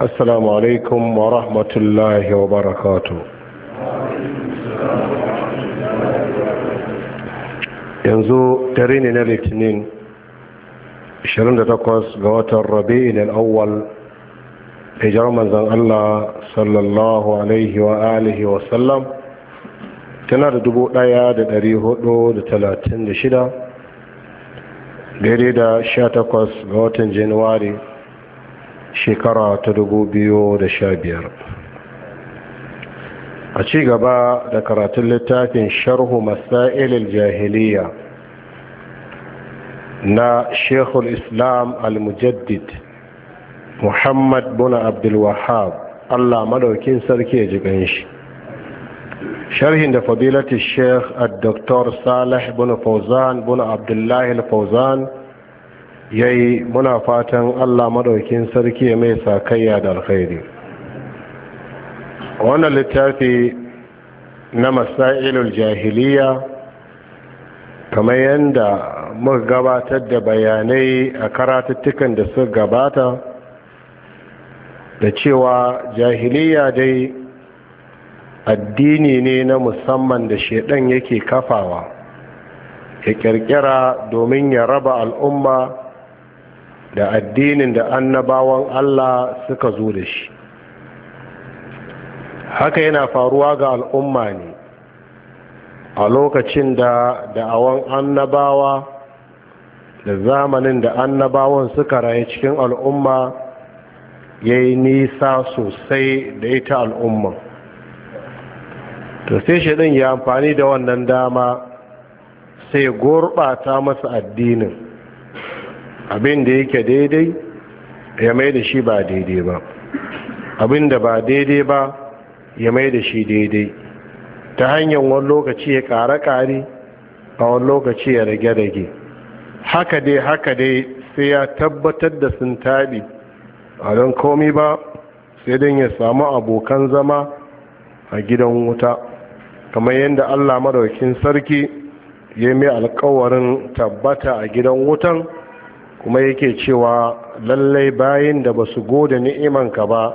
السلام عليكم ورحمة الله وبركاته yanzu dare ne na litinin 28 ga watan rabi'in al'awwal da jarman zan Allah sallallahu alaihi wa alihi wa sallam tana da shida, daidai da sha 18 ga watan januwari shekara ta dubu biyu da sha biyar. a ci gaba da karatun littafin sharhu Masailin jahiliya na shekul islam al-mujaddid muhammad buna abdulwahab allah madaukin sarki ya ji shi sharhin da fadilatun sheikh al-doktor salih buna fauzan buna abdullahi al-fauzan ya yi muna fatan allah madaukin sarki mai sakayya da alkhairi wannan littafi na masailul jahiliya kamar yadda muka gabatar da bayanai a karatuttukan da suka gabata da cewa jahiliya dai addini ne na musamman da shaidan yake kafawa ya kirkira domin ya raba al'umma da addinin da annabawan Allah suka zo da shi haka yana faruwa ga al'umma ne a lokacin da da'awan annabawa da zamanin da annabawan suka raye cikin al'umma ya yi nisa sosai da ita al'umma to sai shaɗin ya amfani da wannan dama sai gurɓata masa addinin abin da yake daidai ya mai da shi ba daidai ba abin da ba daidai ba ya mai da shi daidai ta hanyar wani lokaci ya ƙare-ƙare a wani lokaci ya rage-rage haka dai haka dai sai ya tabbatar da sun taɗi a don komi ba sai don ya samu abokan zama a gidan wuta kamar yadda allah maraukin sarki ya mai alkawarin tabbata a gidan wutan kuma yake cewa lallai bayin da ba su ni'iman ni'imanka ba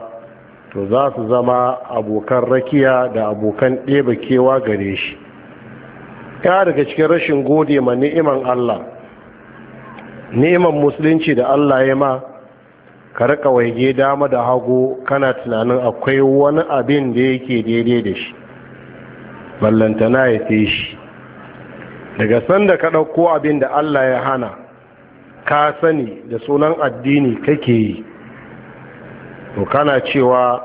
to za su zama abokan rakiya da abokan ɗeba kewa gare shi ya daga cikin rashin gode ma ni'iman Allah ni'iman musulunci da Allah ya ma ka rika waige dama da hagu kana tunanin akwai wani abin da yake daidai da shi ballantana ya shi daga sanda ka ɗauko abin da Allah ya hana ka sani da sunan addini kake yi to kana cewa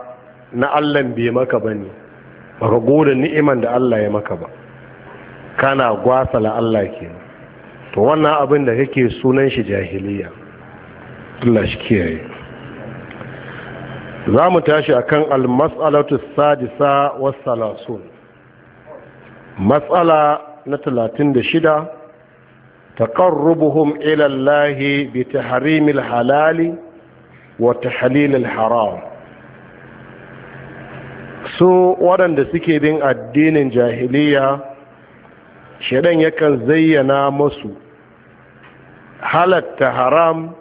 na allan bai maka ba ne baka gode ni'iman da allah ya maka ba kana gwasala allah ke to wannan abin da kake sunan shi jahiliya allah shi kiyaye za mu tashi a kan almas'alatu sadisa wasu salasun, matsala na talatin da shida ilallahi إلى الله halali الحلال وتحليل haram. su waɗanda suke bin addinin jahiliya shaidan yakan zayyana masu halatta haram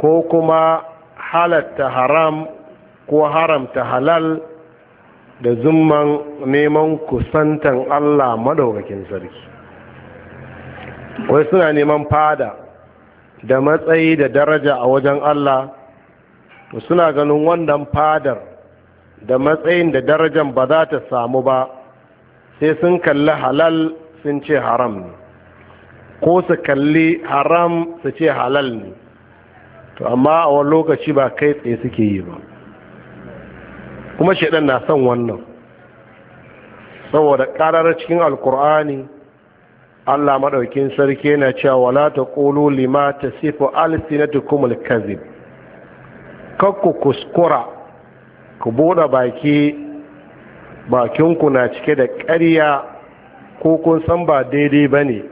ko kuma halatta haram ko haramta halal da zumman neman kusantan allah madaukakin sarki wai suna neman fada da matsayi da daraja a wajen Allah suna ganin wannan fadar da matsayin da darajan ba za ta samu ba sai sun kalli halal sun ce haram ne ko su kalli haram su ce halal ne to amma a wani lokaci ba kai tsaye suke yi ba kuma shaidan na son wannan saboda karar cikin alkur'ani Allah maɗaukin sarki yana cewa wala ta taqulu lima tasifu alsinatukum alkazib kakku kuskura ku buɗe baki bakinku na cike da ƙarya ko kun san ba daidai bane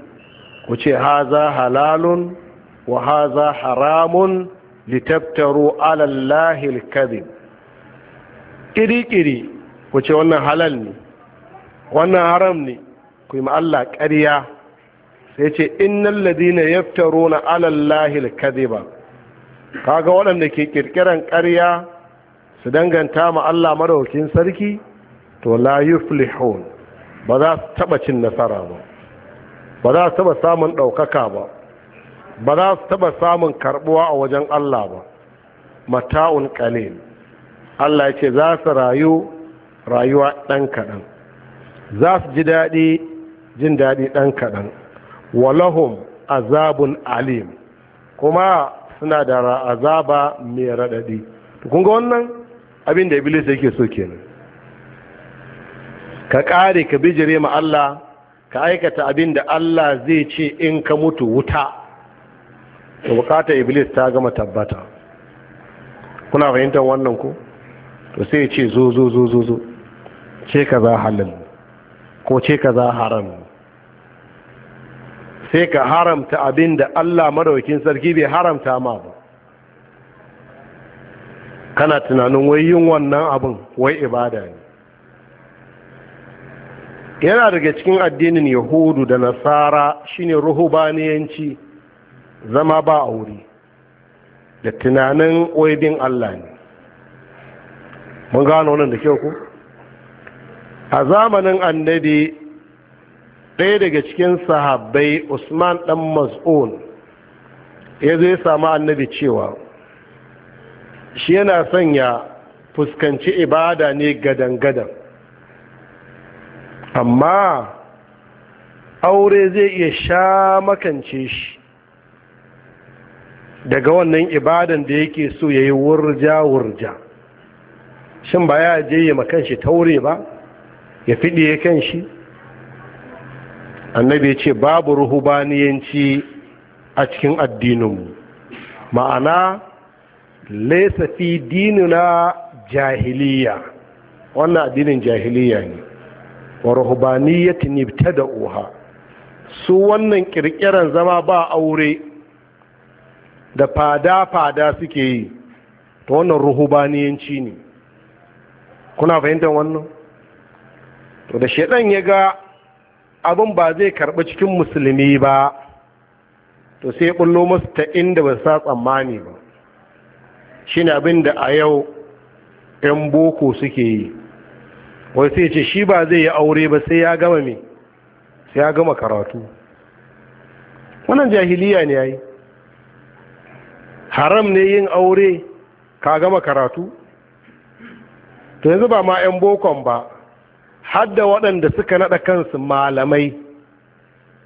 ku ce haza halalun wa haza haramun litaftaru ala allahi alkazib kiri ku ce wannan halal ne wannan haram ne ku yi ma Allah ƙarya sai ce innal ladina yaftaruna na allahi alkadhiba kaga waɗanda ke ƙirƙirar ƙarya su danganta ma Allah maraukin sarki to la yuflihun ba za su taɓa cin nasara ba ba za su taɓa samun ɗaukaka ba ba za su taɓa samun karɓuwa a wajen Allah ba mata'un qalil Allah ya ce za su rayu rayuwa ɗan kaɗan za su ji daɗi jin daɗi ɗan kaɗan walahum azabun alim kuma suna da azaba mai raɗaɗi kun ga wannan abin da iblis yake so kenan ka ƙare ka bijire ma Allah ka aikata abin da Allah zai ce in ka mutu wuta da bukatar iblis ta gama tabbata kuna fahimtar wannan ku to sai ce zo zo zo zo ce ka halal ko ce ka za haram sai ka haramta abin da Allah madaukin sarki bai haramta ma ba kana tunanin wai yin wannan abin wai ibada ne yana daga cikin addinin yahudu da nasara shine ruhubaniyanci zama ba aure da tunanin waibin Allah ne mun gano nan da kyau ku a zamanin annabi ɗaya daga cikin sahabbai usman ɗan mas'un ya zo ya samu annabi cewa shi yana sanya fuskanci ibada ne gadan-gadan amma aure zai iya sha makance shi daga wannan ibadan da yake so ya yi wurja-wurja shin ba ya je ya makanshi taure ba ya fiɗe kan shi annabi ya ce babu ruhubaniyanci a cikin addininmu ma'ana laisa fi dinina jahiliya wannan addinin jahiliya ne wa ruhubaniyatin ibtada su wannan kirkiran zama ba aure da fada-fada suke yi ta wannan ruhubaniyanci ne kuna fahimtar wannan to da shaɗan ya ga abin ba zai karɓi cikin musulmi ba to sai ɓullo masu ta inda ba sa tsammani ba shi ne abin da a yau 'yan boko suke yi wai sai ce shi ba zai yi aure ba sai ya gama me sai ya gama karatu wannan jahiliya ne ya yi haram ne yin aure ka gama karatu to yanzu ba ma 'yan bokon ba hadda waɗanda suka naɗa kansu malamai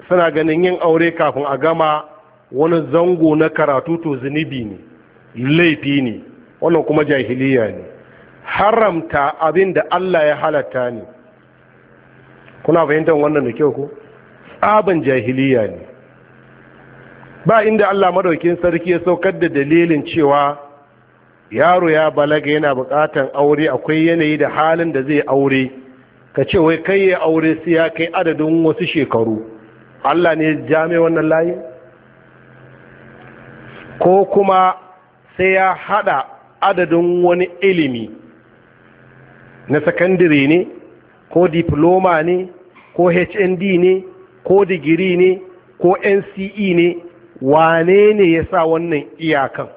suna ganin yin aure kafin a gama wani zango na karatu to zunubi ne laifi ne wannan kuma jahiliya ne haramta abin da Allah ya halatta ne kuna fahimtar wannan da kyau ko tsaban jahiliya ne ba inda Allah madaukin sarki ya saukar da dalilin cewa yaro ya balaga yana bukatan aure akwai yanayi da halin da zai aure ka ce wai kai ya aure su ya kai adadin wasu shekaru Allah ne jami wannan layi ko kuma sai ya hada adadin wani ilimi na sakandire ne ko diploma ne ko hnd ne ko digiri ne ko nce ne wane ne ya sa wannan iyakan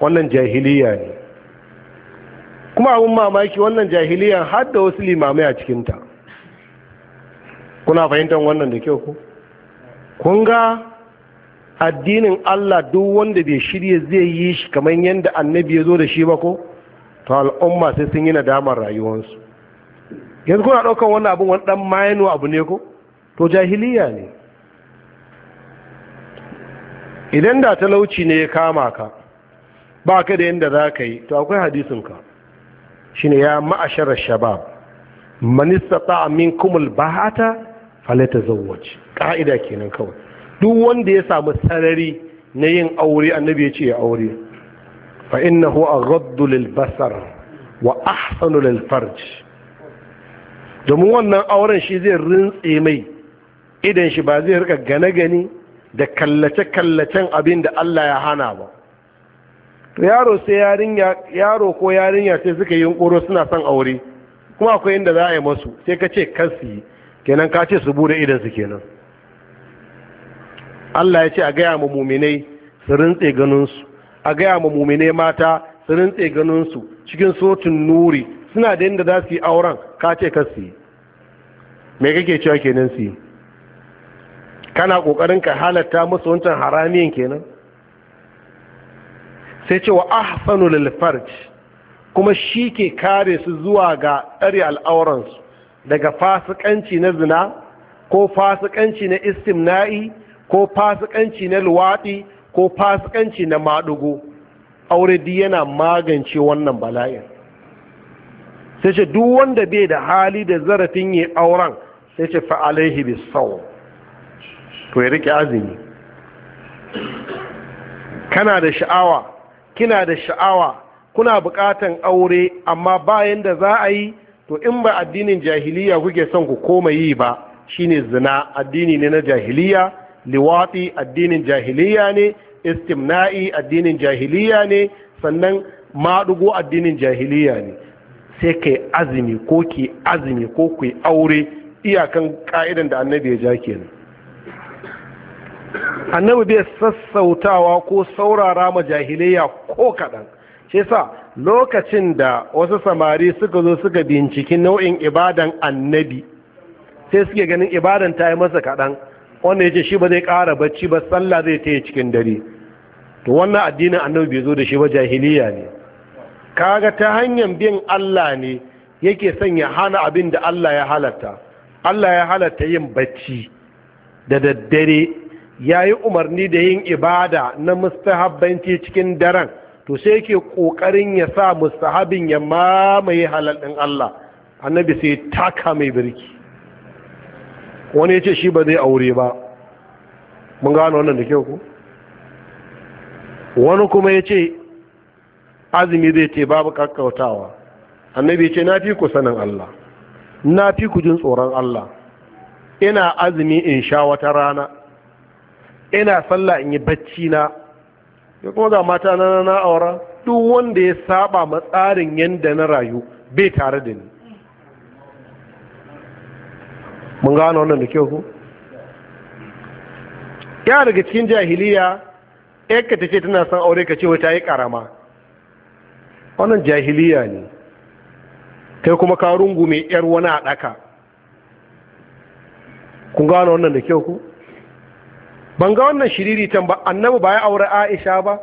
wannan jahiliya ne kuma abin mamaki wannan jahiliya har da wasu limamai a cikinta kuna fahimtar wannan da kyau ku kun ga addinin Allah duk wanda bai shirya zai yi shi kamar yadda annabi ya zo da shi ba ko to al'umma sai sun yi nadamar rayuwarsu yanzu kuna ɗaukar wannan abin wani ɗan mayanu abu ne ko to jahiliya ne idan da talauci ne ya kama ka ba ka da yadda za ka yi to akwai hadisinka shine ya ma'ashara shabab man istata'a minkum albahata falyatazawwaj ka'ida kenan kawai duk wanda ya samu sarari na yin aure annabi ya ce ya aure fa innahu aghaddu lil basar wa ahsanu lil farj domin wannan auren shi zai rintse mai idan shi ba zai rika gane gani da kallace kallacen abin da Allah ya hana ba yaro sai yarinya yaro ko yarinya sai suka yi yunkuro suna son aure kuma akwai inda za a yi masu sai ka ce kar su yi kenan ka ce su bude idan su kenan Allah ya ce a gaya ma muminai su rintse su a gaya ma muminai mata su rintse ganinsu cikin sotin nuri suna da inda za su yi auren ka ce kar su yi me kake cewa kenan su yi kana kokarin ka halatta musu wancan haramiyan kenan sai ce wa ahsanu lil farj kuma shi ke kare su zuwa ga al'auran al'auransu daga fasikanci na zina ko fasikanci na istimna'i ko fasikanci na luwaɗi ko fasikanci na maɗugo aure di yana magance wannan bala'in sai ce duk wanda bai da hali da zarafin yi auren sai ce fa'alaihi bisau to ya rike azumi kana da sha'awa kina da sha'awa kuna buƙatan aure amma bayan da za a yi to in ba addinin jahiliya kuke son ku koma yi ba shine zina addini ne na jahiliya liwati addinin jahiliya ne istimna'i addinin jahiliya ne sannan maɗugo addinin jahiliya ne sai kai azumi ko ki azumi ko ku aure iyakan ka'idan da annabi ya ja kenan annabi bai sassautawa ko saurara ma jahiliya ko kaɗan shi sa lokacin da wasu samari suka zo suka binciki nau'in ibadan annabi sai suke ganin ibadan ta yi masa kaɗan wanda ya ce shi ba zai ƙara bacci ba sallah zai ta cikin dare to wannan addinin annabi bai zo da shi ba jahiliya ne kaga ta hanyar bin Allah ne yake sanya hana abin da Allah ya halatta Allah ya halatta yin bacci da daddare ya yi umarni da yin ibada na mustahabbanci cikin daren to sai yake ƙoƙarin ya sa mustahabin ya mamaye halal ɗin Allah annabi sai taka mai birki wani ya ce shi ba zai aure ba mun gano wannan da kyau ku wani kuma ya ce azumi zai ce babu kakkautawa annabi ce na fi ku sanin Allah na fi ku jin tsoron Allah ina azumi in sha wata rana ina sallah in yi bacci na ya kuma ga mata na na aura duk wanda ya saba matsarin yadda na rayu bai tare da ni mun gano wannan da kyau ku ya daga cikin jahiliya yanka ta ce tana son aure ka ce wata yi karama wannan jahiliya ne kai kuma ka rungu mai yar wani a ɗaka kun gano wannan da kyau ku ban ga wannan shiriri can ba annabi ba ya aure aisha ba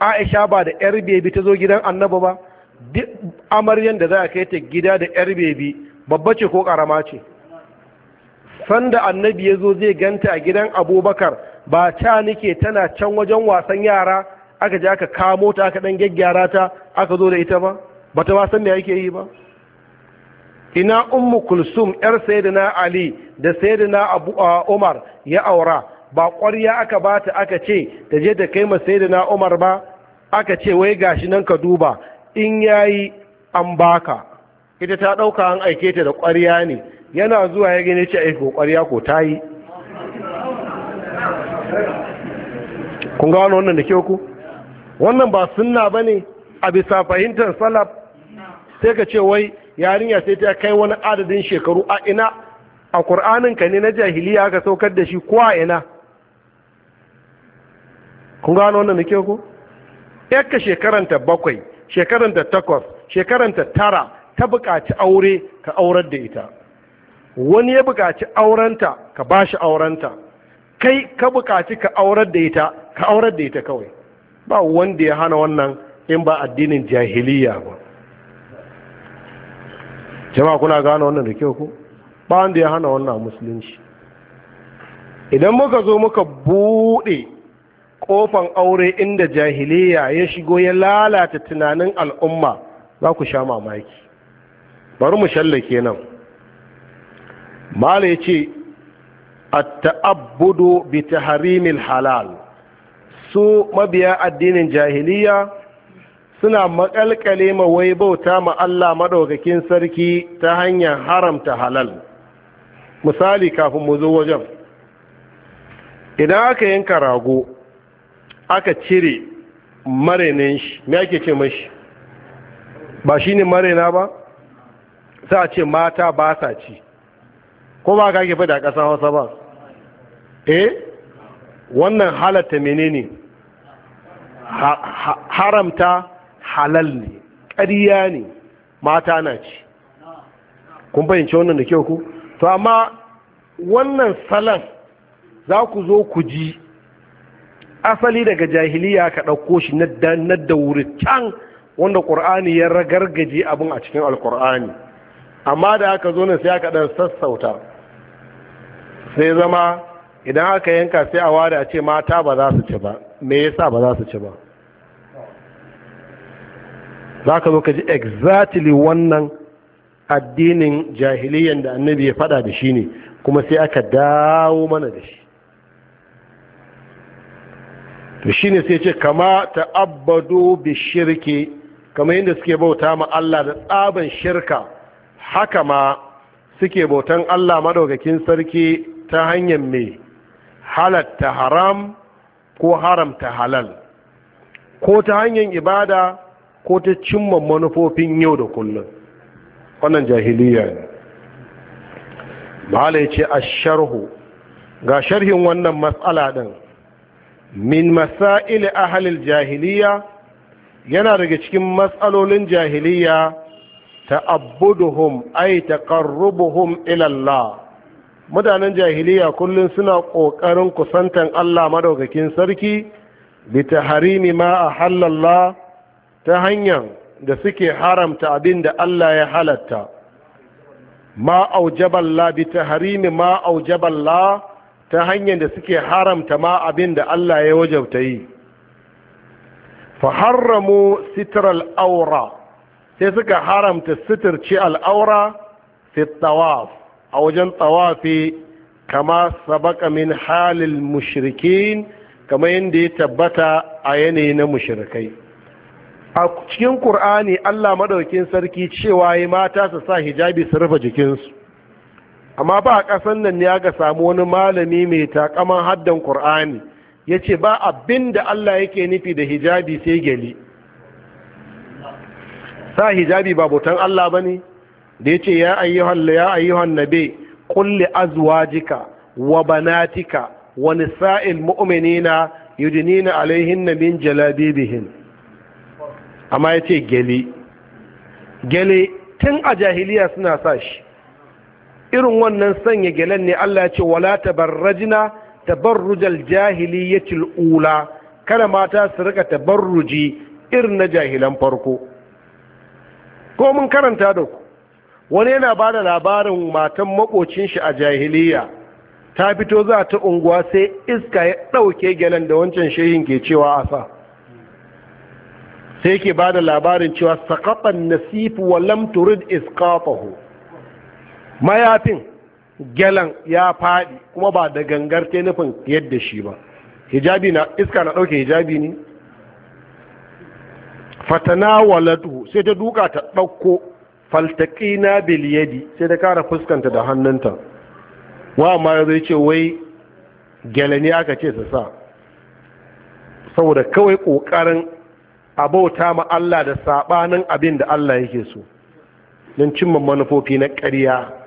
aisha ba da yar bebi ta zo gidan annabi ba duk amaryan da za a kai ta gida da yar bebi babba ce ko karama ce sanda annabi ya zo zai ganta a gidan abubakar ba ta nike tana can wajen wasan yara aka ja aka kamo ta aka dan gyaggyara ta aka zo da ita ba ba ta wasan me yake yi ba ina ummu kulsum yar sayyidina ali da sayyidina abu umar ya aura ba ƙwarya aka ba ta aka ce ta je ta kai masai da na umar ba aka ce wai gashi nan ka duba in ya yi an baka ita ta ɗauka an aike ta da ƙwarya ne yana zuwa ya gani ce aiko ƙwarya ko ta yi kun gano wannan da ke ku wannan ba sunna ba ne a bisa fahimtar salaf sai ka ce wai yarinya sai ta kai wani adadin shekaru a ina a ƙur'aninka ne na jahiliya aka saukar da shi ko a ina kun gano wannan da ke ku yakka shekaranta bakwai shekaranta takwas shekaranta tara ta buƙaci aure ka aurar da ita wani ya buƙaci aurenta ka ba shi aurenta kai ka buƙaci ka aurar da ita ka aurar da ita kawai ba wanda ya hana wannan in ba addinin jahiliya ba jama'a kuna gano wannan da kyau ku ba wanda ya hana wannan musulunci idan muka zo muka buɗe ƙofan aure inda jahiliya ya shigo ya lalata tunanin al'umma za ku sha mamaki bari mu shallake nan mala ya ce a ta'abbudu bi taharimil halal su mabiya addinin jahiliya suna makalkale ma wai bauta ma Allah maɗaukakin sarki ta hanyar haramta halal misali kafin mu zo wajen idan aka yanka rago aka cire marainin shi me ake ce mashi ba shi ne maraina ba sai a ce mata ba sa ci ko ba ka ke fada ƙasa hausa ba eh wannan halatta menene haramta halal ne ƙarya ne mata na ci kun fahimci wannan da kyau ku to amma wannan salon za ku zo ku ji asali daga jahiliya ka ɗauko shi na wuri can wanda ƙur'ani ya ragargaje abin a cikin alƙur'ani amma da aka zo na sai aka ɗan sassauta sai zama idan aka yanka sai a wada ce mata ba za su ci ba me yasa ba za su ci ba za ka zo ka ji exactly wannan addinin jahiliyan da annabi ya faɗa da shi ne kuma sai aka dawo mana da shi to shi ne sai ce kama ta'abbadu bi shirki kama yadda suke bauta ma Allah da tsaban shirka haka ma suke bautan Allah madaukakin sarki ta hanyar mai halatta haram ko haramta halal ko ta hanyar ibada ko ta cimma manufofin yau da kullum wannan jahiliya ne ba ce a sharhu ga sharhin wannan matsala ɗin min masail ahlil jahiliya yana daga cikin matsalolin jahiliya ta'abbuduhum ay taqarrubuhum ila Allah mutanen jahiliya kullum suna ƙoƙarin kusantan Allah madaukakin sarki bi taharimi ma Allah ta hanyar da suke haramta abin da Allah ya halatta ma aujaballa bi taharimi ma aujaballa ta hanyar da suke haramta ma abin da Allah ya wajabta yi fa haramu sitral aura sai suka haramta sitirci al'aura fi tawaf a wajen tawafi kama sabaka min halil mushrikin kama yadda ya tabbata a yanayi na mushrikai a cikin ƙur'ani Allah madaukin sarki cewa yi mata su sa hijabi su rufe jikinsu amma ba a ƙasan nan ya ga samu wani malami mai takaman haddan ƙur'ani ya ce ba abin da Allah yake nufi da hijabi sai gyali sa hijabi ba botan Allah ba ne da ya ce ya ayyuhan na be nabe kulli wa banatika wa nisa'il mu'minina alaihin na min jalabibihin amma ya ce gyali gyale tun a jahiliya suna sa shi irin wannan sanya gyalen ne Allah ya ce wala tabarrajna tabarrujal jahiliyyatil ula kada mata su rika tabarruji irin na jahilan farko ko mun karanta da ku wani yana ba da labarin matan makocin shi a jahiliya ta fito za ta unguwa sai iska ya ɗauke gyalen da wancan shehin ke cewa a sai ke ba labarin cewa sakatan nasifu wa lam turid isqatahu mayafin gyalan ya faɗi kuma ba da gangar ta nufin yadda shi ba hijabi na iska na ɗauke hijabi ne fatana walatu sai ta duka ta ɗauko faltaƙina biliyadi sai ta kara fuskanta da hannunta wa ma zai ce wai gyale aka ce su sa saboda kawai ƙoƙarin abauta ma Allah da saɓanin abin da Allah yake so don cimma manufofi na ƙarya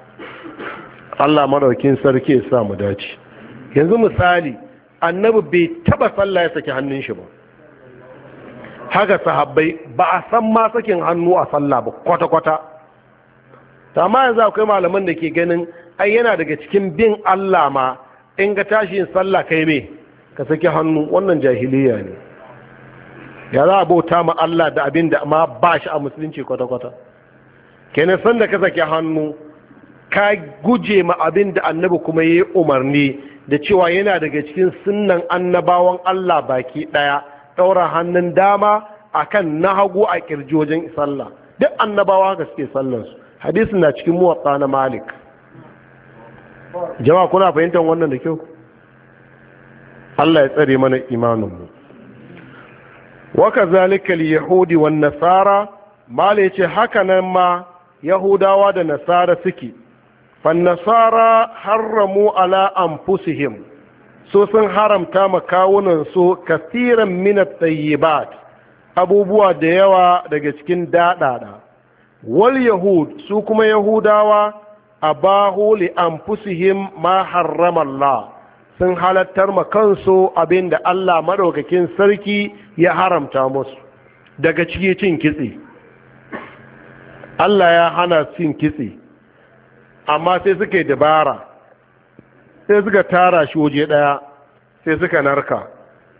Allah maraukin sarki ya sa mu dace yanzu misali annabi bai taba sallah ya saki hannun shi ba haka sahabbai ba a san ma sakin hannu a sallah ba kwata-kwata ta ma yanzu akwai malaman da ke ganin ai yana daga cikin bin Allah ma in ga tashin sallah kai me ka saki hannu wannan jahiliya ne ya za a bauta ma Allah da abinda ma ba shi a musulunci kwata-kwata kenan san da ka saki hannu ka guje ma abin da annabi kuma ya yi umarni da cewa yana daga cikin sunan annabawan Allah baki ɗaya ɗaura hannun dama akan na hagu a kirji wajen sallah duk annabawa haka suke sallansu hadisin na cikin muwatta na malik jama'a kuna fahimtar wannan da kyau Allah ya tsare mana imaninmu waka zalikal yahudi wan nasara mala yace haka nan ma yahudawa da nasara suke fannasara haramu ala anfusihim so sun haramta makawunansu kasiran minat tayyibat abubuwa da yawa daga cikin daɗaɗa wal yahud su kuma yahudawa a bahu li anfusihim ma harramallah sun halattar ma kansu abin da Allah maɗaukakin sarki ya haramta musu daga ciki cin kitse Allah ya hana cin kitse amma sai suka dabara sai suka tara shi waje ɗaya sai suka narka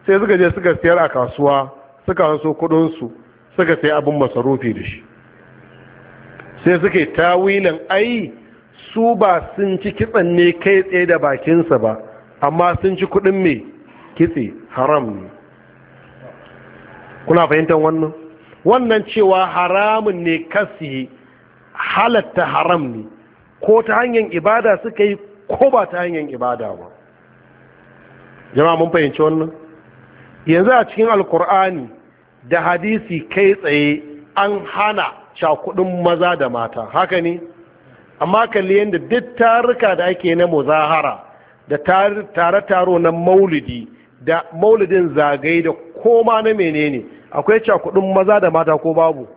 sai suka je suka siyar a kasuwa suka hanso kudinsu suka sai abin masarufi da shi sai suka yi tawilin ai su ba sun ci kitsan ne kai tsaye da bakinsa ba amma sun ci kudin mai kitse haram ne kuna fahimtar wannan wannan cewa haramun ne kasi halatta haram ne ko ta hanyar ibada suka yi ko ba ta hanyar ibada ba jama'a mun fahimci wannan yanzu a cikin alkur'ani da hadisi kai tsaye an hana cakudin maza da mata haka ne amma kalli yadda duk taruka da ake na muzahara da tare-taro na maulidi da maulidin zagaye da koma na menene akwai cakudin maza da mata ko babu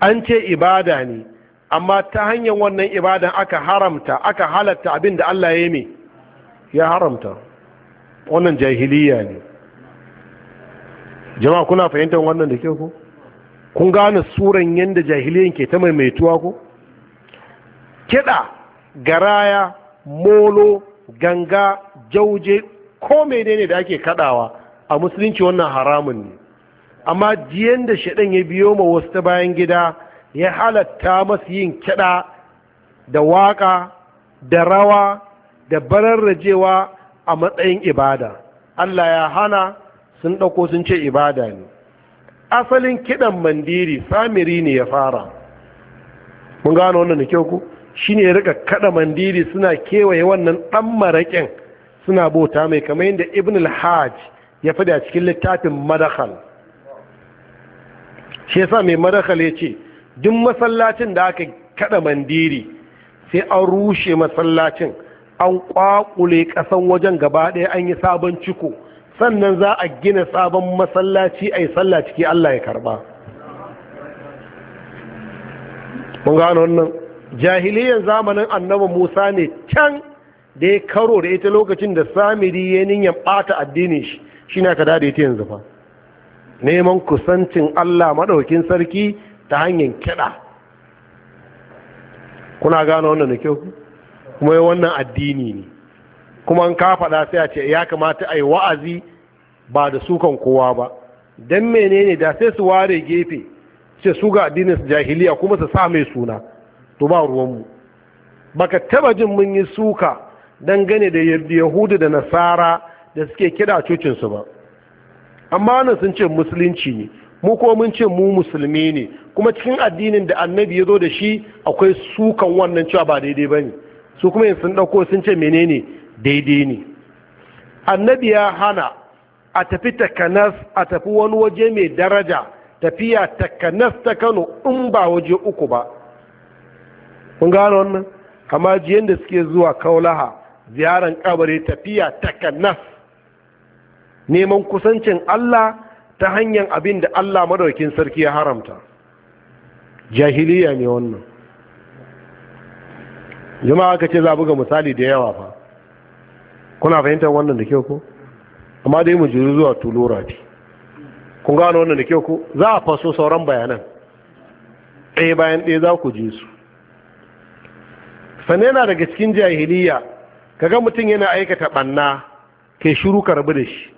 an ce ibada ne amma ta hanyar wannan ibadan aka haramta aka halatta abin da Allah ya yi ya haramta wannan jahiliya ne jama'a kuna fahimtar wannan da ke ku kun gane suran yadda jahiliyan ke ta maimaituwa ku kiɗa garaya molo ganga jauje ko menene da ake kaɗawa a musulunci wannan haramun ne amma jiyan da shaɗan ya biyo ma wasu ta bayan gida ya halatta masu yin kiɗa da waƙa da rawa da bararrajewa a matsayin ibada Allah ya hana sun ɗauko sun ce ibada ne asalin kiɗan mandiri samiri ne ya fara mun gano wannan da kyau ku shi ne rika kaɗa mandiri suna kewaye wannan ɗan maraƙin suna bauta mai kamar yadda ibn al-hajj ya faɗi cikin littafin madakhal shi yasa mai madakhal ya ce duk masallacin da aka kada mandiri sai an rushe masallacin an kwakule kasan wajen gaba ɗaya an yi sabon ciko sannan za a gina sabon masallaci a yi sallah ciki Allah ya karba mun gano wannan jahiliyan zamanin annaba Musa ne can da ya karo da ita lokacin da samiri ya niyan ɓata addinin shi shi na ka da ita yanzu fa neman kusancin Allah maɗaukin sarki ta hanyar kiɗa kuna gano wannan da kyau kuma yi wannan addini ne kuma an ka faɗa sai a ce ya kamata a yi wa'azi ba da sukan kowa ba don menene da sai su ware gefe ce su ga addinin su jahiliya kuma su sa mai suna to ba ruwanmu baka taba jin mun yi suka don gane da yahudu da nasara da suke kiɗa cocinsu ba amma wannan sun ce musulunci ne mu ko mun ce mu musulmi ne kuma cikin addinin da annabi ya zo da shi akwai sukan wannan cewa ba daidai ba ne su kuma sun ɗauko sun ce menene daidai ne annabi ya hana a tafi takanas a tafi wani waje mai daraja tafiya takanas ta kano in ba waje uku ba kun gano wannan kama jiyan da suke zuwa kaulaha ziyaran kabari tafiya takanas neman kusancin allah ta hanyar abin da allah madaukin sarki ya haramta jahiliya ne wannan jama'a ka ce za buga misali da yawa fa kuna fahimtar wannan da kyau ko amma dai mu jiri zuwa tulura ce kun gano wannan da kyau ko za a faso sauran bayanan ɗaya bayan ɗaya za ku ji su sannan yana daga cikin jahiliya kaga mutum yana aikata ɓanna ke shiru karbi da shi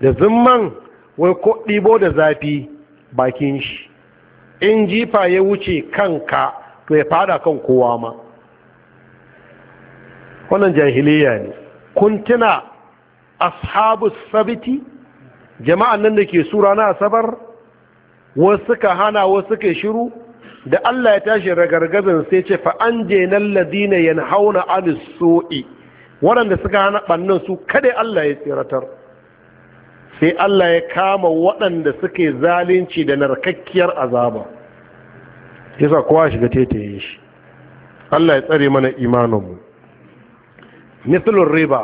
da zimman wai ko ɗibo da zafi bakin shi in jifa ya wuce kanka to ya fada kan kowa ma wannan jahiliya ne kun tuna ashabu sabiti jama'an nan da ke sura na asabar wasu ka hana wasu ka shiru da Allah ya tashi ragargazin sai ce fa an jenan ladina yanhauna anis so'i waɗanda suka hana ɓannan su kada Allah ya tsiratar sai Allah ya kama waɗanda suke zalunci da narkakkiyar azaba yasa kowa shiga tetaye shi Allah ya tsare mana imaninmu mislun riba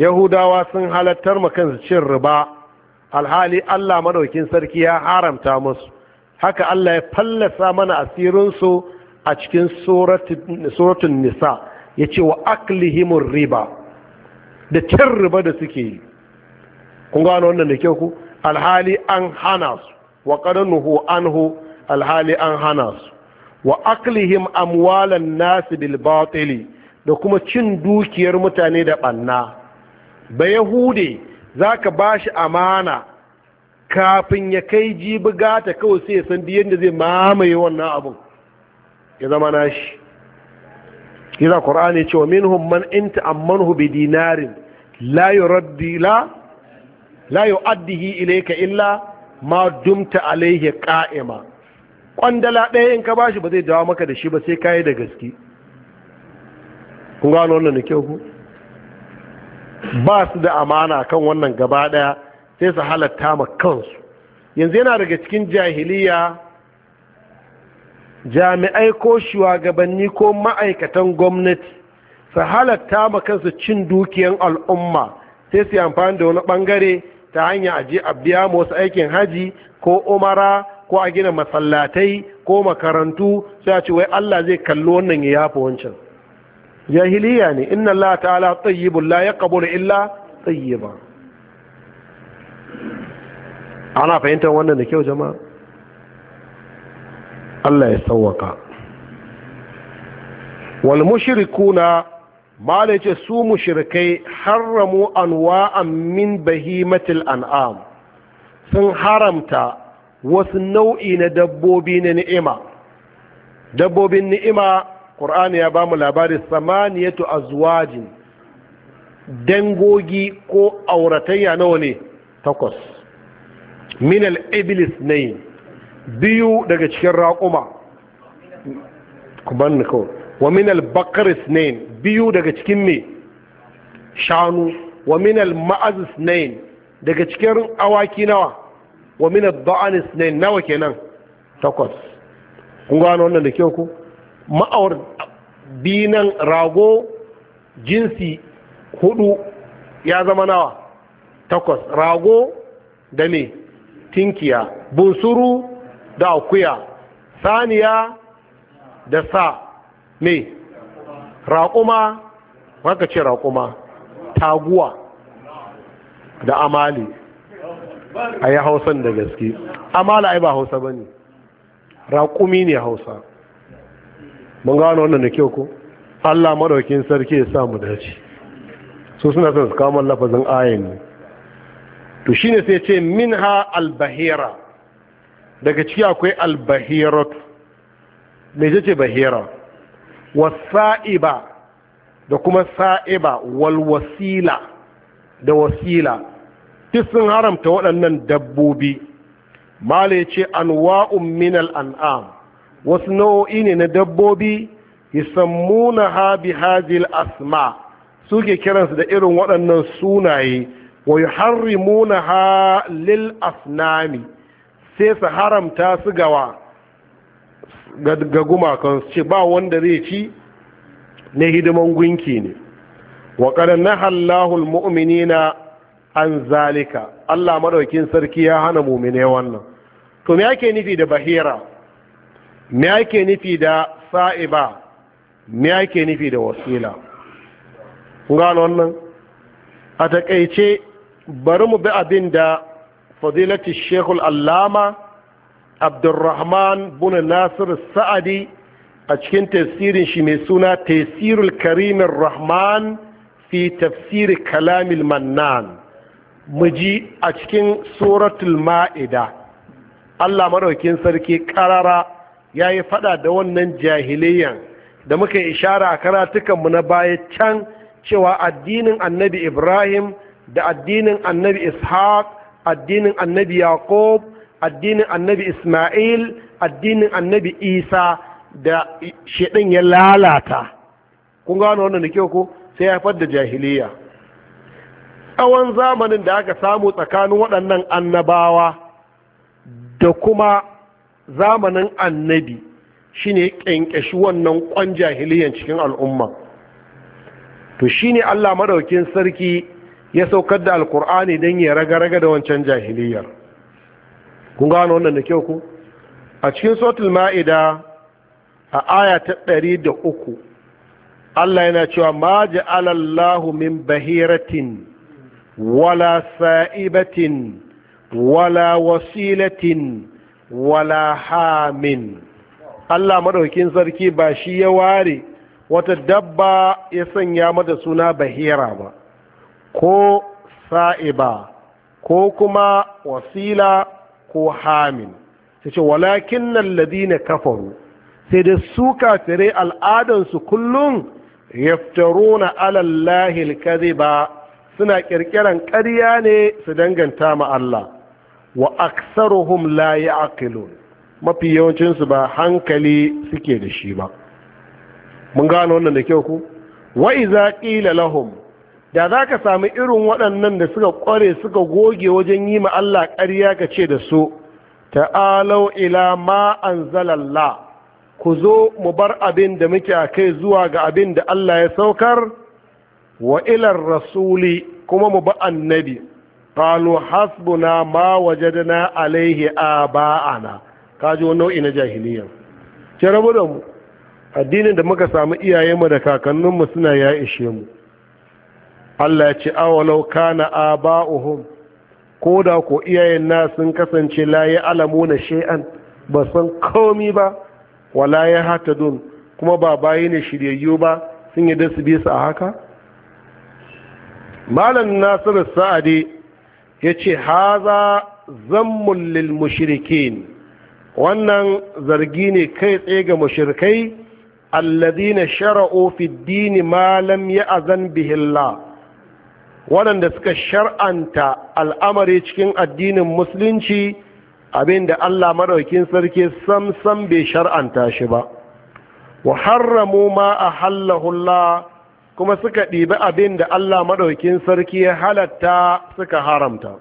yahudawa sun halattar makansu cin riba alhali Allah madaukin sarki ya haramta musu haka Allah ya fallasa mana asirinsu a cikin suratun nisa ya ce wa aklihimun riba da cin riba da suke yi kun gano wannan da ke ku alhali an hana su wa an anhu alhali an hana su wa aklihim amwalan nas bil da kuma cin dukiyar mutane da ɓanna. ba yahude zaka bashi amana kafin ya kai jibi gata kawai sai ya san yadda zai mamaye wannan abun ya zama nashi kiza qur'ani cewa minhum man amman amanhu bi dinarin la yuraddi la la yu'addihi ilayka illa ma dumta alayhi qa'ima kwandala ɗaya in ka bashi ba zai dawo maka da shi ba sai kayi da gaske kun gano wannan da kyau ku ba su da amana kan wannan gaba ɗaya sai su halatta ma kansu yanzu yana daga cikin jahiliya jami'ai ko shugabanni ko ma'aikatan gwamnati su halatta ma kansu cin dukiyan al'umma sai su yi amfani da wani bangare ta a je a biya masu aikin haji ko umara ko a gina masallatai ko makarantu sai a ce wai Allah zai kalli wannan ya yafi wancan jahiliya ne inna Allah ta'ala tayyibun la yaqbulu illa tayyiba ana fahimtar wannan da kyau jama'a Allah ya sawwaka wal mushrikuna mala ce su mushrikai haramu anwa'an min bahimatil an'am sun haramta wasu nau'i na dabbobi na ni'ima dabbobin ni'ima ƙur'ani ya ba mu labari samaniyatu azwajin dangogi ko auratayya nawa ne takwas minal iblis ne biyu daga cikin raƙuma ku banni kawai wa min al-baqar isnain biyu daga cikin me shanu wa min al-ma'az isnain daga cikin awaki nawa wa min ad-da'an isnain nawa kenan takwas kun gano wannan da kyau ku ma'awar binan rago jinsi hudu ya zama nawa takwas rago da me tinkiya bunsuru da akuya saniya da sa me raƙuma haka ce raƙuma taguwa da amali a yi hausan da gaske amala ai ba hausa ba ne raƙumi ne hausa mun gano wannan da kyau ko allah maɗaukin sarki ya samu dace su suna son su lafazin ayin ne to shi ne sai ce ha albahira daga ciki akwai albahira me ce bahira wasa'iba da kuma sa'iba wal wasila da wasila duk sun haramta waɗannan dabbobi mala ce an anwa'un minal an'am wasu nau'o'i ne na dabbobi yusammuna ha bi hajjil asma suke kiransu da irin waɗannan sunaye wa yuharrimuna ha lil asnami sai su haramta su gawa ga gumakan su ce ba wanda zai ci na hidiman gunki ne wa hallahul nahallahu na an zalika Allah maɗaukin sarki ya hana mu'mine wannan to me ake nufi da bahira me ake nufi da sa'iba me ake nufi da wasila kun gano wannan a taƙaice bari mu bi abin da fadilati shekul allama abdurrahman bin nasir sa'adi a cikin tafsirin shi mai suna tafsirul karimin rahman fi tafsiri kalamil mannan muji a cikin suratul ma'ida allah maɗaukin sarki ƙarara ya yi faɗa da wannan jahiliyan da muka ishara a karatukanmu na baya can cewa addinin annabi ibrahim da addinin annabi ishaq addinin annabi yaqub addinin annabi isma'il addinin annabi isa da shaɗin ya lalata kun gano wannan da kyau ko sai haifar da jahiliya tsawon zamanin da aka samu tsakanin waɗannan annabawa da kuma zamanin annabi shine ƙyanƙyashi wannan ƙwan jahiliyan cikin al'umma to shine Allah maɗaukin sarki ya saukar da alkur'ani don ya raga-raga da wancan jahiliyar kun gano wannan da kyau ku a cikin sautul ma'ida a aya ta ɗari da uku Allah yana cewa ma ji alallahu min bahiratin wala sa'ibatin wala wasilatin wala hamin Allah maɗaukin sarki ba shi ya ware wata dabba ya sanya mata suna bahira ba ko sa'iba ko kuma wasila ko hamin sai ce walakin nan na kafaru sai da su kafirai al'adansu kullum yaftaruna alallahi ba suna kirkiran ƙarya ne su danganta ma Allah wa aksaruhum la ya'qilun mafi yawancinsu ba hankali suke da shi ba mun gano wannan da kyau ku wa iza qila lahum da za ka sami irin waɗannan da suka ƙware suka goge wajen yi ma Allah ƙarya ka ce da su ta'alau ila ma'an zalalla ku zo mu bar abin da muke a kai zuwa ga abin da Allah ya saukar wa ilar rasuli kuma mu ba annabi qalu hasbuna ma wajadna alaihi aba'ana kaji wani nau'i na jahiliya ki rabu mu addinin da muka samu iyayenmu da kakanninmu suna ya ishe mu Allah ce awalau kana aba'uhum ko da ko iyayen na sun kasance laye alamu na shay'an ba san komi ba wala ya hatadun kuma ba bayi ne shiryayyu ba sun yi dasu bi su a haka malam nasiru sa'adi ya ce haza zammun lil mushrikin wannan zargi ne kai tsaye ga mushrikai alladhina shara'u fi dini ma lam ya'zan bihi waɗanda suka shar'anta al'amari cikin addinin musulunci abinda Allah maɗaukin sarki samsam bai shar'anta shi ba wa harramu ma a hallahullah kuma suka ɗibi abin da Allah maɗaukin sarki ya halatta suka haramta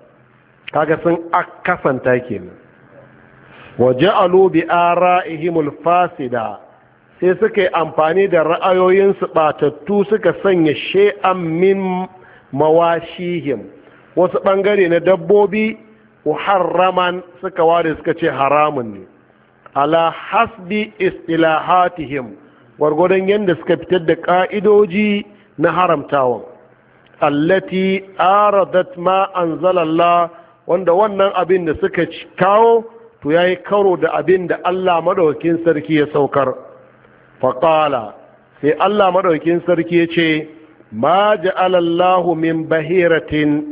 kaga sun akasanta kenan wa ja'alu bi ara'ihimul fasida sai suka yi amfani da ra'ayoyinsu ɓatattu suka sanya she'an min mawashihim wasu ɓangare na dabbobi uharraman suka ware suka ce haramun ne ala hasbi istilahatihim gwargwadon yadda suka fitar da ƙa'idoji na haramtawan allati aradat ma anzalallah wanda wannan abin da suka kawo to ya yi karo da abin da allah maɗaukin sarki ya saukar faƙala sai allah maɗaukin sarki ya ce ma alallahu min bahiratin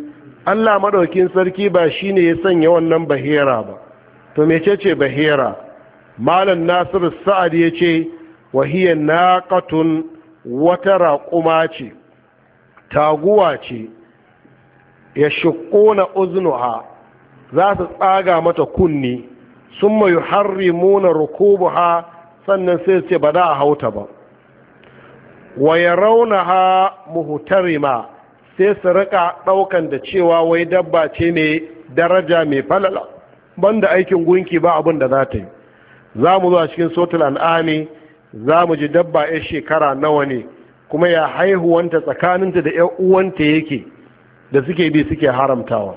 Allah madaukin sarki ba shine ya sanya wannan bahira ba to ce bahira malam Nasiru Sa'ad yace wa hiya naqatun wata raƙuma ce taguwa ce ya shiquna uznuha za su tsaga mata kunni na Rukubu ha, sannan sai ce ba za a hauta ba wa ya yarawnaha muhtarima sai su rika daukan da cewa wai dabba ce ne daraja mai falala banda aikin gunki ba abin da za ta yi za mu zuwa cikin sotul al'ami za mu ji dabba ya shekara nawa ne kuma ya haihuwanta tsakaninta da ya uwanta yake da suke bi suke haramtawa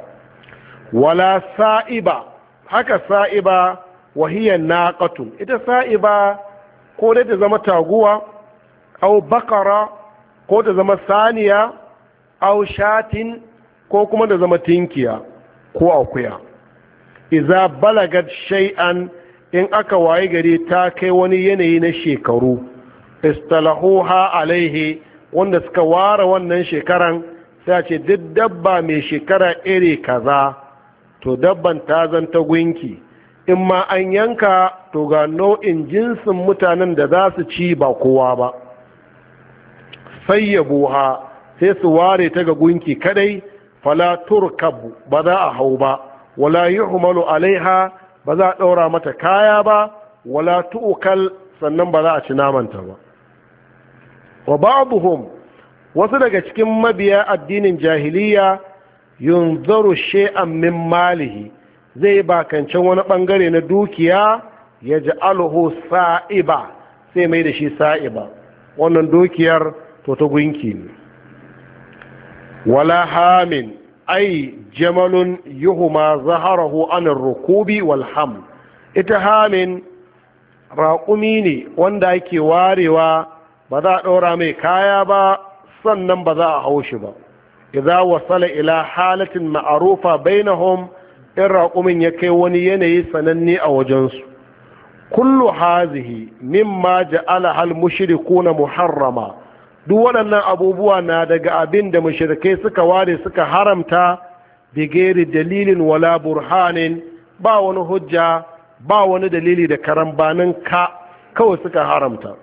wala sa'iba haka sa'iba wahiyar naƙatu ita sa'iba ko dai ta zama taguwa au bakara ko ta zama saniya au shatin ko kuma da zama tinkiya ko akuya iza balagat shay'an in aka waye gare ta kai wani yanayi na shekaru istalahuha alaihi wanda suka ware wannan shekaran sai a ce duk dabba mai shekara iri kaza to dabban ta zanta gunki in ma an yanka to ga nau'in jinsin mutanen da za su ci ba kowa ba ha sai su ware ta ga gunki kadai fala turkab ba za a hau ba wala yuhmalu alaiha ba za a daura mata kaya ba wala tu'kal sannan ba za a ci namanta ba wa ba'dhum wasu daga cikin mabiya addinin jahiliya yunzaru shay'an min malihi zai bakancin wani bangare na dukiya ya ji alhu sa'iba sai mai da shi sa'iba wannan dukiyar to ta gunki ne wala hamin ai jamalun yuhuma zaharahu anin rukubi wal ham ita hamin raƙumi ne wanda ake warewa ba za a ɗora mai kaya ba sannan ba za a hau shi ba idza wasala ila halatin ma'arufa bainahum in raƙumin ya kai wani yanayi sananne a wajensu kullu hazihi mimma ja'ala hal mushrikuna muharrama duk waɗannan abubuwa na daga abin da mashirkai suka ware suka haramta bigeri dalilin wala burhanin ba wani hujja ba wani dalili da karambanin ka kawai suka haramta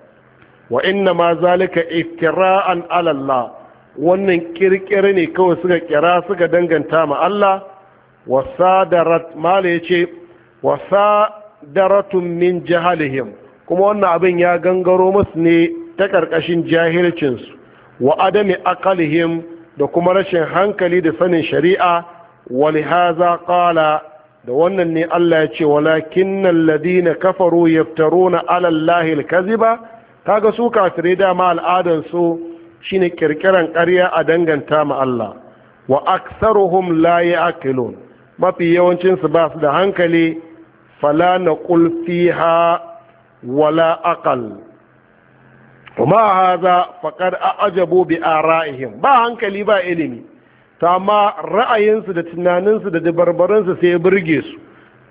wa inna ma zalika iftira'an ala Allah wannan kirkire ne kawai suka kira suka danganta ma Allah wasadarat mala yace wasadaratun min jahalihim kuma wannan abin ya gangaro musu ne ta ƙarƙashin jahilcinsu wa adami aqalihim da kuma rashin hankali da sanin shari'a haza qala da wannan ne Allah ya ce walakinnal na kafaru yaftaruna ala allahi alkaziba kaga su kafire dama al'adan su shine kirkiran ƙarya a danganta ma Allah wa aksaruhum la ya'qilun mafi yawancinsu su ba su da hankali fala naqul fiha wala aqal kuma haza faƙar ajabu bi ara'ihim ba hankali ba ilimi ta ma ra'ayinsu da tunaninsu da dabarbarinsu sai ya burge su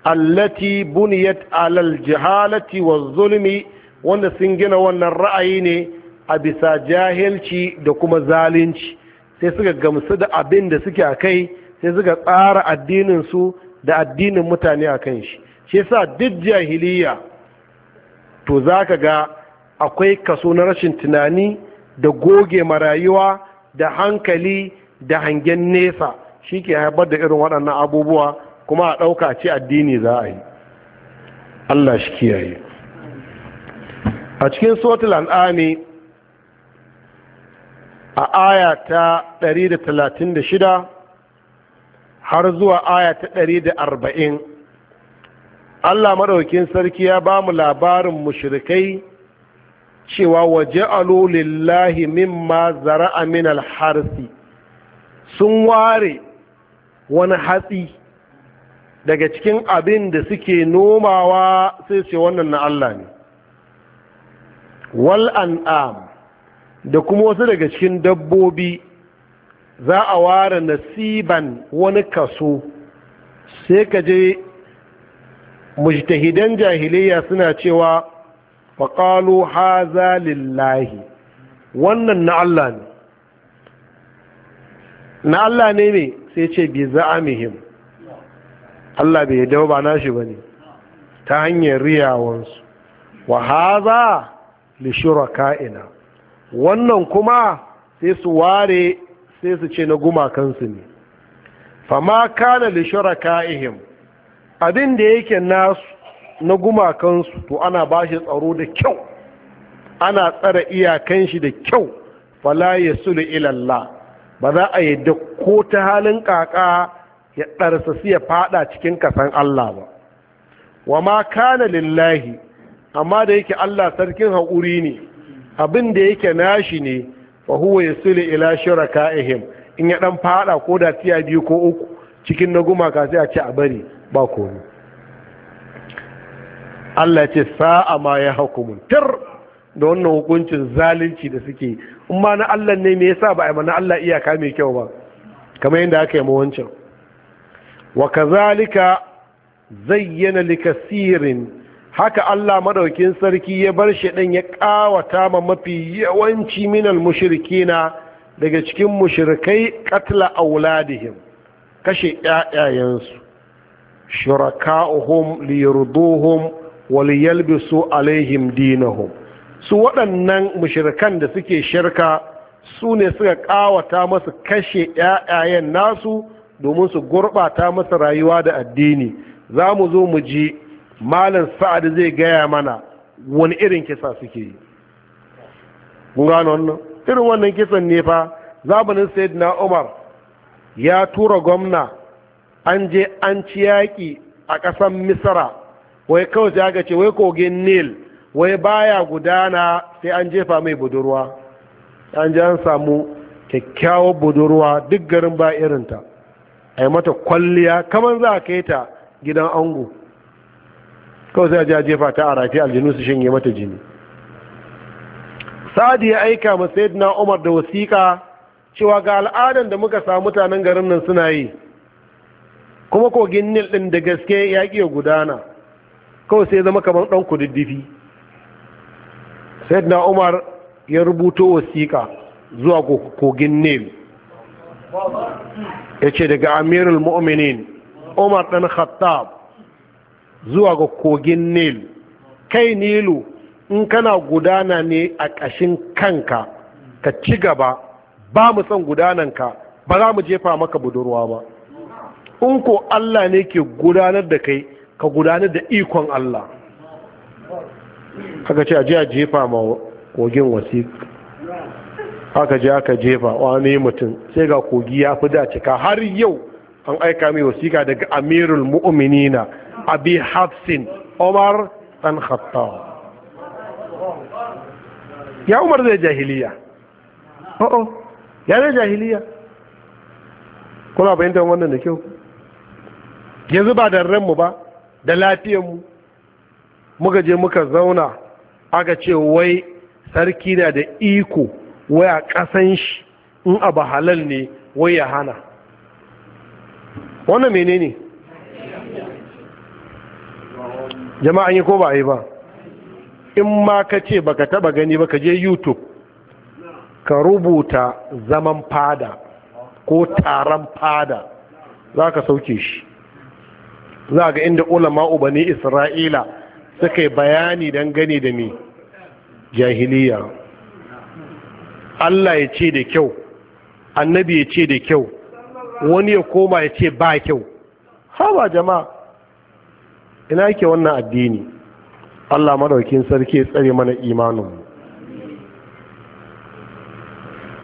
allati buniyat alal jahalati wa zulmi wanda sun gina wannan ra'ayi ne a bisa jahilci da kuma zalunci sai suka gamsu da abin da suke a kai sai suka tsara addinin su da addinin mutane akan shi shi yasa duk jahiliya to zaka ga akwai kaso na rashin tunani da goge marayuwa da hankali da hangen nesa shi ke haifar da irin waɗannan abubuwa kuma a ɗauka ce addini za a yi allah shi kiyaye a cikin sotil al'ani a aya ta 136 har zuwa aya ta 140 allah maɗaukin sarki ya ba mu labarin mushrikai cewa waje Alulillahi mimma a min Harsi sun ware wani hatsi daga cikin abin da suke nomawa sai ce wannan na Allah ne wal an'am da kuma wasu daga cikin dabbobi za a ware nasiban wani kaso sai ka je mujtahidan jahiliya suna cewa Waƙalu haza lillahi wannan na Allah ne na Allah ne ne sai ce bi za'amihim Allah bai yadda ba nashi ba ne ta hanyar riyawansu wa haza li shuraka'ina wannan kuma sai su ware sai su ce na gumakansu ne ma kana li shuraka'ihim abin da yake nasu na gumakansu to ana ba shi tsaro da kyau ana tsara iyakan shi da kyau fala ya sulu ilallah ba za a yi da ko ta halin kaka ya ɗarsa ɗarsasi ya fada cikin kasan Allah ba wa ma kana lillahi amma da yake Allah sarkin haƙuri ne abin da yake nashi ne fa huwa yasulu ila shuraka'ihim in ya dan fada ko da tiya biyu ko uku cikin na gumaka sai a ce a bari ba komai Allah ce sa'a ma ya hukumun tir da wannan hukuncin zalunci da suke in ma na Allah ne me yasa ba a mana Allah iyaka mai kyau ba kamar yadda aka yi ma wancan wa kazalika zayyana likasirin haka Allah madaukin sarki ya bar shi ɗin ya ƙawata ma mafi yawanci min al mushrikina daga cikin mushrikai qatla auladihim kashe ƴaƴayensu shuraka'uhum liyurduhum waliyalbisu alaihim dinahum su waɗannan mushirikan da suke shirka su ne suka ƙawata masu kashe ƴaƴayen nasu domin su gurɓata masa rayuwa da addini za mu zo mu ji malin sa'ad zai gaya mana wani irin kisa suke yi gano wannan irin wannan kisan ne fa zamanin sayid na umar ya tura gwamna an je an ci yaƙi a ƙasan misra wai kawai sai aka ce wai kogin nil wai baya gudana sai an jefa mai budurwa an ji an samu kyakkyawar budurwa duk garin ba irinta a yi mata kwalliya kamar za a kai ta gidan ango kawai sai a jefa ta a rafi aljinu su shinge mata jini sa'adi ya aika ma na umar da wasiƙa cewa ga al'adar da muka samu mutanen garin nan suna yi kuma kogin nil ɗin da gaske ya ƙi gudana kawai sai zama kamar ɗan kududdufi na umar ya rubuto wasiƙa zuwa kogin nil ya ce daga amirul mu'minin umar ɗan khattab zuwa ga kogin nil kai nilu in kana gudana ne a ƙashin kanka ka ci gaba ba mu son gudananka ba za mu jefa maka budurwa ba in ko allah ne ke gudanar da kai ka gudanar da ikon Allah haka ce a jefa ma kogin wasiƙa haka je aka jefa wani mutum sai ga kogi ya fi dacika har yau an aika mai wasiƙa daga amirul mu'minina abi hafsin omar dan khattab ya umar zai jahiliya o'o ya zai jahiliya kuna bayyantar wannan da kyau yanzu ba da ranmu ba da lafiyanmu muka je muka zauna aka ce wai sarki na da iko wai a ƙasan shi in abu halal ne wai ya hana wannan menene jama'a yi ko ba yi ba in ma ka ce baka taba gani ba ka je youtube ka rubuta zaman fada ko taron fada za ka sauke shi za ga inda ulama ubani isra'ila suka yi bayani don gani da mi jahiliya Allah ya ce da kyau annabi ya ce da kyau wani ya koma ya ce ba kyau haba jama'a ina ke wannan addini Allah maraukin sarki ya tsare mana imaninmu